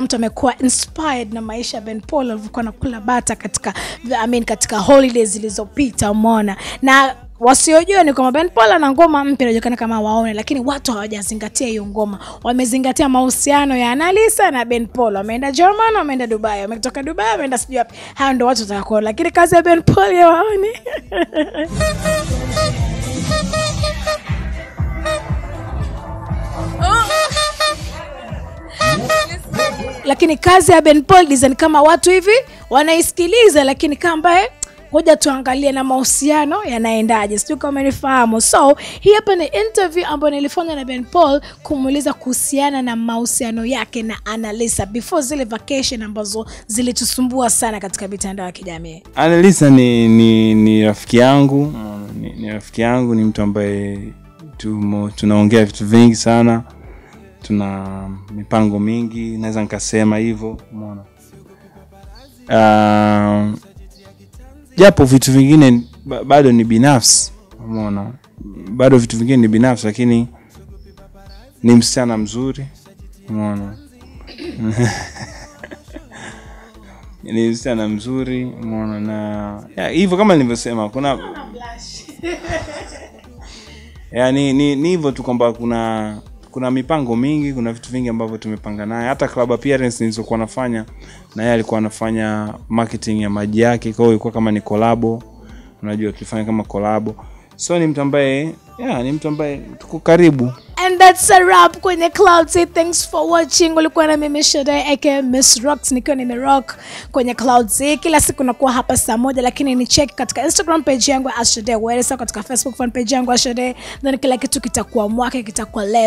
mtu amekuwa inspired na maisha ya Ben Paul alivyokuwa anakula bata katika I mean, katika holidays zilizopita umeona na wasiojua ni kwamba Ben Paul ana ngoma mpya inajulikana kama Waone, lakini watu hawajazingatia hiyo ngoma. Wamezingatia mahusiano ya Analisa na Ben Paul. Wameenda German, wameenda Dubai, wametoka Dubai, wameenda sijui wapi. Hao ndio watu wataka lakini kazi ya Ben Paul ya Waone lakini kazi ya Ben Poldiz ni kama watu hivi wanaisikiliza, lakini kama ambaye ngoja tuangalie na mahusiano yanaendaje, sijui kama nifahamu. So hii hapa ni interview ambayo nilifanya na Ben Paul kumuuliza kuhusiana na mahusiano yake na Analisa before zile vacation ambazo zilitusumbua sana katika mitandao ya kijamii. Analisa ni, ni, ni rafiki yangu ni, ni rafiki yangu, ni mtu ambaye tumo tunaongea vitu vingi sana tuna mipango mingi naweza nikasema hivyo umeona uh, japo vitu vingine bado ni binafsi umeona bado vitu vingine ni binafsi lakini ni msichana mzuri umeona ni msichana mzuri umeona na hivyo kama nilivyosema kuna yani ni hivyo tu kwamba kuna kuna mipango mingi kuna vitu vingi ambavyo tumepanga naye hata club appearance nilizokuwa nafanya na yeye alikuwa anafanya marketing ya maji yake kwa hiyo ilikuwa kama ni collab unajua tulifanya kama collab so ni mtu ambaye yeah, ni mtu ambaye tuko karibu And that's a wrap kwenye Cloud say Thanks for watching. Ulikuwa na mimi Shade aka Miss Rocks nikiwa nime rock kwenye Cloud say Kila siku nakuwa hapa saa moja, lakini ni check katika Instagram page yangu Ashade Were, katika Facebook fan page yangu Ashade, then kila kitu kitakuwa mwake, kitakuwa level.